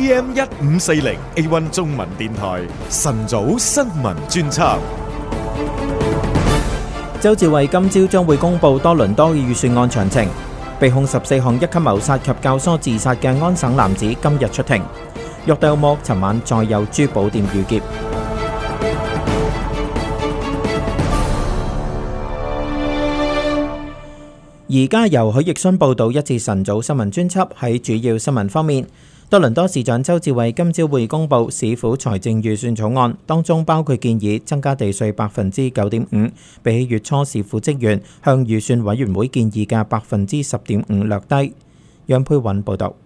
AM 一五四零 A1 中文電台晨早新聞專輯。周志偉今朝將會公布多倫多預算案詳情。被控十四項一級謀殺及教唆自殺嘅安省男子今日出庭。約盜莫尋晚再有珠寶店遇劫。而家由許奕迅報道，一次晨早新聞專輯喺主要新聞方面。多倫多市長周志偉今朝會公布市府財政預算草案，當中包括建議增加地稅百分之九點五，比起月初市府職員向預算委員會建議嘅百分之十點五略低。楊佩韻報導。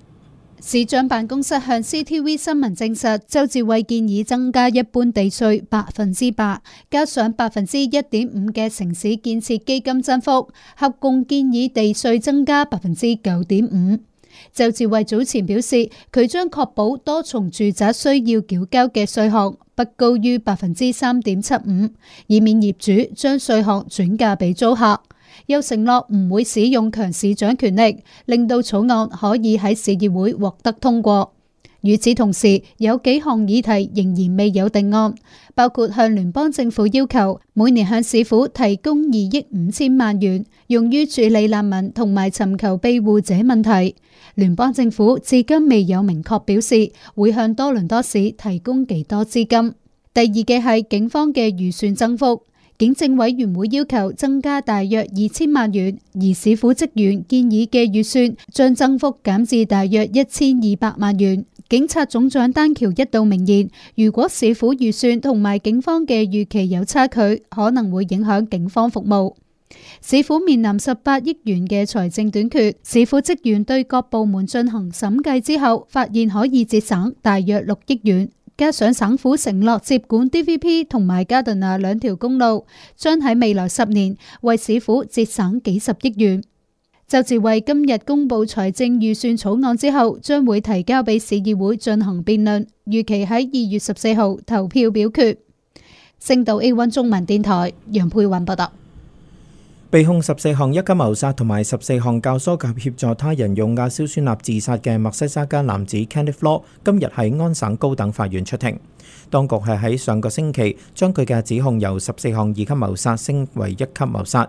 市長辦公室向 CTV 新聞證實，周志偉建議增加一般地稅百分之八，加上百分之一點五嘅城市建設基金增幅，合共建議地稅增加百分之九點五。就至蕙早前表示，佢將確保多重住宅需要繳交嘅稅項不高於百分之三點七五，以免業主將稅項轉嫁俾租客。又承諾唔會使用強市長權力，令到草案可以喺市議會獲得通過。與此同時，有幾項議題仍然未有定案，包括向聯邦政府要求每年向市府提供二億五千萬元，用於處理難民同埋尋求庇護者問題。聯邦政府至今未有明確表示，會向多倫多市提供幾多資金。第二嘅係警方嘅預算增幅，警政委員會要求增加大約二千萬元，而市府職員建議嘅預算將增幅減至大約一千二百萬元。警察總長丹橋一度明言，如果市府預算同埋警方嘅預期有差距，可能會影響警方服務。市府面臨十八億元嘅財政短缺，市府職員對各部門進行審計之後，發現可以節省大約六億元。加上省府承諾接管 DVP 同埋加頓亞兩條公路，將喺未來十年為市府節省幾十億元。就自為今日公布財政預算草案之後，將會提交俾市議會進行辯論，預期喺二月十四號投票表決。星島 A1 中文電台，楊佩雲報道。被控十四項一級謀殺同埋十四項教唆及協助他人用亞硝酸鈉自殺嘅墨西沙加男子 Kenneth Law 今日喺安省高等法院出庭。當局係喺上個星期將佢嘅指控由十四項二級謀殺升為一級謀殺。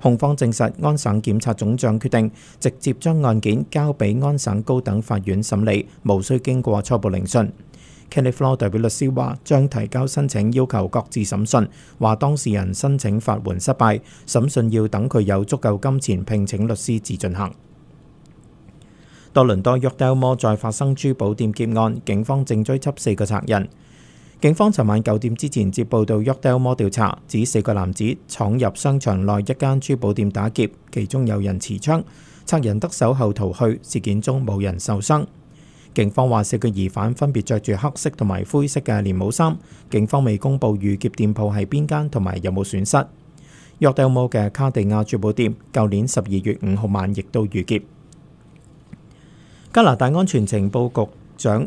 控方證實安省檢察總長決定直接將案件交俾安省高等法院審理，無需經過初步聆訊。Kelly Floyd 代表律師話將提交申請，要求各自審訊，話當事人申請法援失敗，審訊要等佢有足夠金錢聘請律師至進行。多倫多約德摩再發生珠寶店劫案，警方正追緝四個賊人。警方尋晚九點之前接報到 Yorkdale 調查，指四個男子闖入商場內一間珠寶店打劫，其中有人持槍。賊人得手後逃去，事件中冇人受傷。警方話四個疑犯分別着住黑色同埋灰色嘅連帽衫。警方未公布遇劫店鋪係邊間同埋有冇損失。Yorkdale 嘅卡地亞珠寶店，舊年十二月五號晚亦都遇劫。加拿大安全情報局長。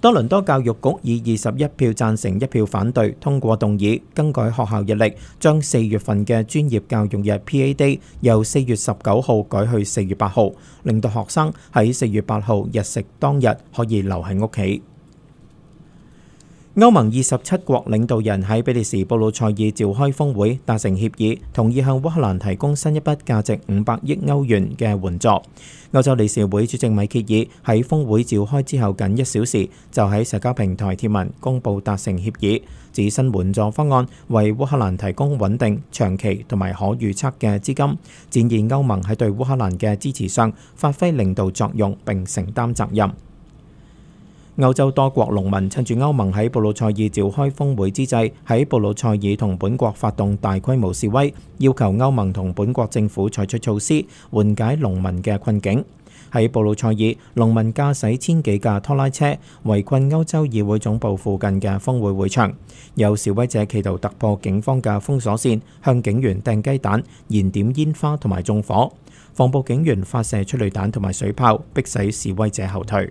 多倫多教育局以二十一票贊成、一票反對通過動議更改學校日曆，將四月份嘅專業教育日 PA Day 由四月十九號改去四月八號，令到學生喺四月八號日日食當日可以留喺屋企。歐盟二十七國領導人喺比利時布魯塞爾召開峰會，達成協議，同意向烏克蘭提供新一筆價值五百億歐元嘅援助。歐洲理事會主席米歇爾喺峰會召開之後近一小時，就喺社交平台貼文公布達成協議，指新援助方案為烏克蘭提供穩定、長期同埋可預測嘅資金，展現歐盟喺對烏克蘭嘅支持上發揮領導作用並承擔責任。歐洲多國農民趁住歐盟喺布魯塞爾召開峰會之際，喺布魯塞爾同本國發動大規模示威，要求歐盟同本國政府採取措施緩解農民嘅困境。喺布魯塞爾，農民駕駛千幾架拖拉車圍困歐洲議會總部附近嘅峰會會場，有示威者企圖突破警方嘅封鎖線，向警員掟雞蛋、燃點煙花同埋縱火，防暴警員發射催淚彈同埋水炮，迫使示威者後退。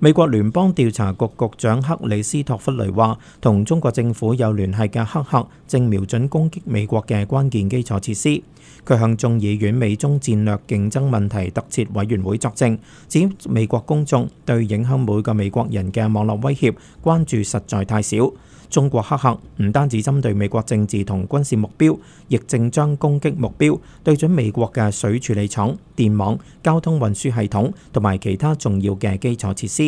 美國聯邦調查局局長克里斯托弗雷話，同中國政府有聯繫嘅黑客正瞄準攻擊美國嘅關鍵基礎設施。佢向眾議院美中戰略競爭問題特設委員會作證，指美國公眾對影響每個美國人嘅網絡威脅關注實在太少。中國黑客唔單止針對美國政治同軍事目標，亦正將攻擊目標對準美國嘅水處理廠、電網、交通運輸系統同埋其他重要嘅基礎設施。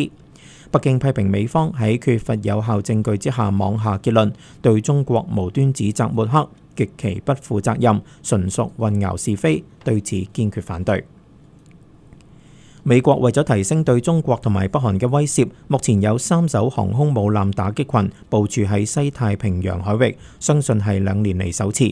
北京批評美方喺缺乏有效證據之下妄下結論，對中國無端指責抹黑，極其不負責任，純屬混淆是非，對此堅決反對。美國為咗提升對中國同埋北韓嘅威懾，目前有三艘航空母艦打擊群部署喺西太平洋海域，相信係兩年嚟首次。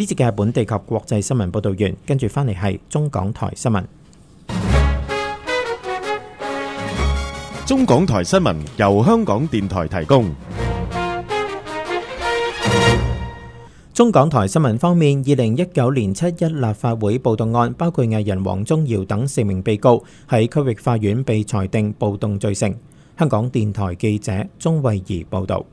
呢節嘅係本地及國際新聞報道員，跟住翻嚟係中港台新聞。中港台新聞由香港電台提供。中港台新聞方面，二零一九年七一立法會暴動案，包括藝人王宗堯等四名被告喺區域法院被裁定暴動罪成。香港電台記者鍾慧儀報道。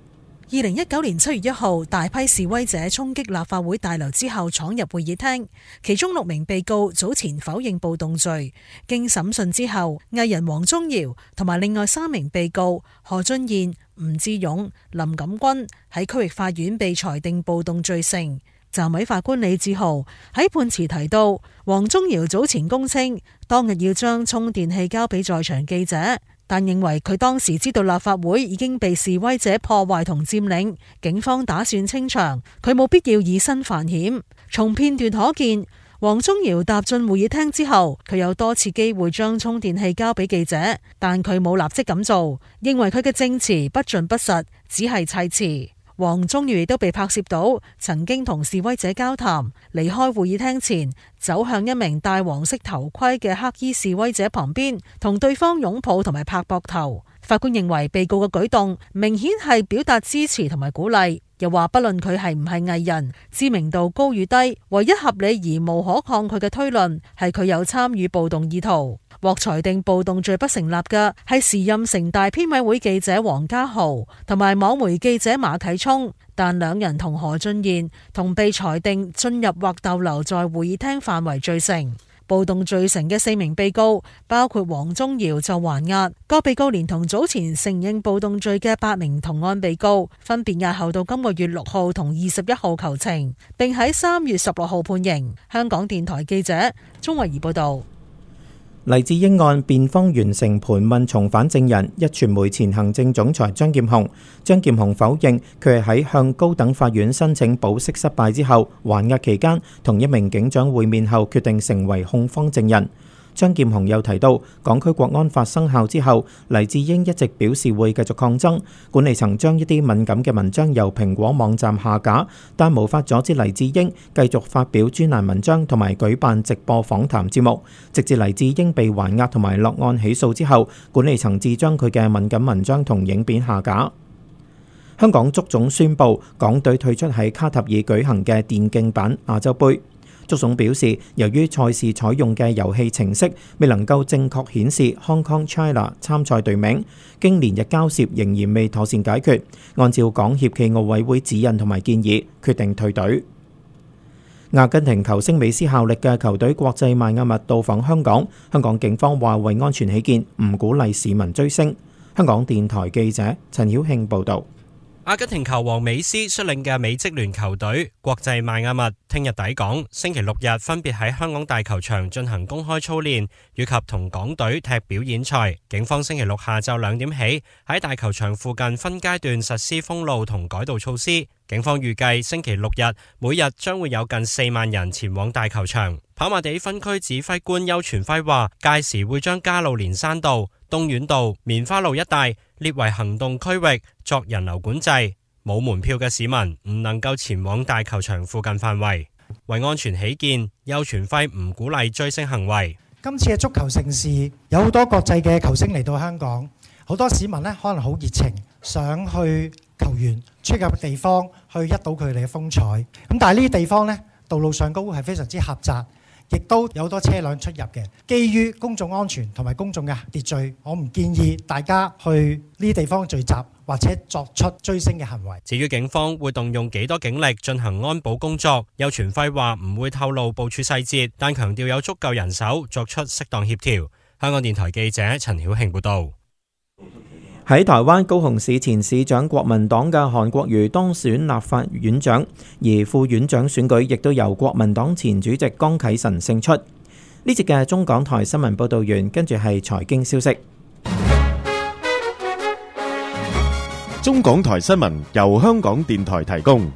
二零一九年七月一號，大批示威者衝擊立法會大樓之後，闖入會議廳。其中六名被告早前否認暴動罪，經審訊之後，藝人王宗堯同埋另外三名被告何俊彥、吳志勇、林錦君喺區域法院被裁定暴動罪成。暫委法官李志豪喺判詞提到，王宗堯早前供稱當日要將充電器交俾在場記者。但認為佢當時知道立法會已經被示威者破壞同佔領，警方打算清場，佢冇必要以身犯險。從片段可見，黃宗堯踏進會議廳之後，佢有多次機會將充電器交俾記者，但佢冇立即咁做，認為佢嘅證詞不盡不實，只係砌詞。王宗堯都被拍攝到曾經同示威者交談，離開會議廳前走向一名戴黃色頭盔嘅黑衣示威者旁邊，同對方擁抱同埋拍膊頭。法官認為被告嘅舉動明顯係表達支持同埋鼓勵，又話不論佢係唔係藝人，知名度高與低，唯一合理而無可抗拒嘅推論係佢有參與暴動意圖。獲裁定暴動罪不成立嘅係時任城大編委會記者黃家豪同埋網媒記者馬啟聰，但兩人同何俊賢同被裁定進入或逗留在會議廳範圍罪成。暴動罪成嘅四名被告包括黃宗堯就還押。各被告連同早前承認暴動罪嘅八名同案被告，分別押後到今個月六號同二十一號求情，並喺三月十六號判刑。香港電台記者鍾慧儀報道。黎智英案辯方完成盤問，重返證人。一傳媒前行政總裁張劍虹，張劍虹否認佢係喺向高等法院申請保釋失敗之後，還押期間同一名警長會面後，決定成為控方證人。張劍虹又提到，港區國安法生效之後，黎智英一直表示會繼續抗爭。管理層將一啲敏感嘅文章由蘋果網站下架，但無法阻止黎智英繼續發表專欄文章同埋舉辦直播訪談節目。直至黎智英被還押同埋落案起訴之後，管理層至將佢嘅敏感文章同影片下架。香港足總宣布，港隊退出喺卡塔爾舉行嘅電競版亞洲盃。足總表示，由於賽事採用嘅遊戲程式未能夠正確顯示 Hong Kong China 參賽隊名，經連日交涉仍然未妥善解決，按照港協暨奧委會指引同埋建議，決定退隊。阿根廷球星美斯效力嘅球隊國際邁阿密到訪香港，香港警方話為安全起見，唔鼓勵市民追星。香港電台記者陳曉慶報道。阿根廷球王美斯率領嘅美職聯球隊國際邁阿密聽日抵港，星期六日分別喺香港大球場進行公開操練以及同港隊踢表演賽。警方星期六下晝兩點起喺大球場附近分階段實施封路同改道措施。警方預計星期六日每日將會有近四萬人前往大球場。跑馬地分區指揮官邱全輝話，屆時會將加路連山道、東院道、棉花路一帶列為行動區域作人流管制，冇門票嘅市民唔能夠前往大球場附近範圍。為安全起見，邱傳輝唔鼓勵追星行為。今次嘅足球盛事有好多國際嘅球星嚟到香港，好多市民呢可能好熱情，想去球員出入嘅地方去一睹佢哋嘅風采。咁但係呢啲地方呢，道路上高係非常之狹窄。亦都有多車輛出入嘅，基於公眾安全同埋公眾嘅秩序，我唔建議大家去呢地方聚集或者作出追星嘅行為。至於警方會動用幾多警力進行安保工作，邱傳輝話唔會透露部署細節，但強調有足夠人手作出適當協調。香港電台記者陳曉慶報導。喺台灣高雄市前市長國民黨嘅韓國瑜當選立法院長，而副院長選舉亦都由國民黨前主席江啟臣勝出。呢節嘅中港台新聞報道完，跟住係財經消息。中港台新聞由香港電台提供。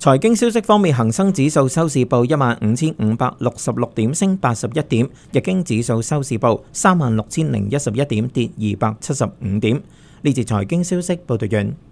財經消息方面，恒生指數收市報一萬五千五百六十六點，升八十一點；日經指數收市報三萬六千零一十一點，跌二百七十五點。呢節財經消息報道完。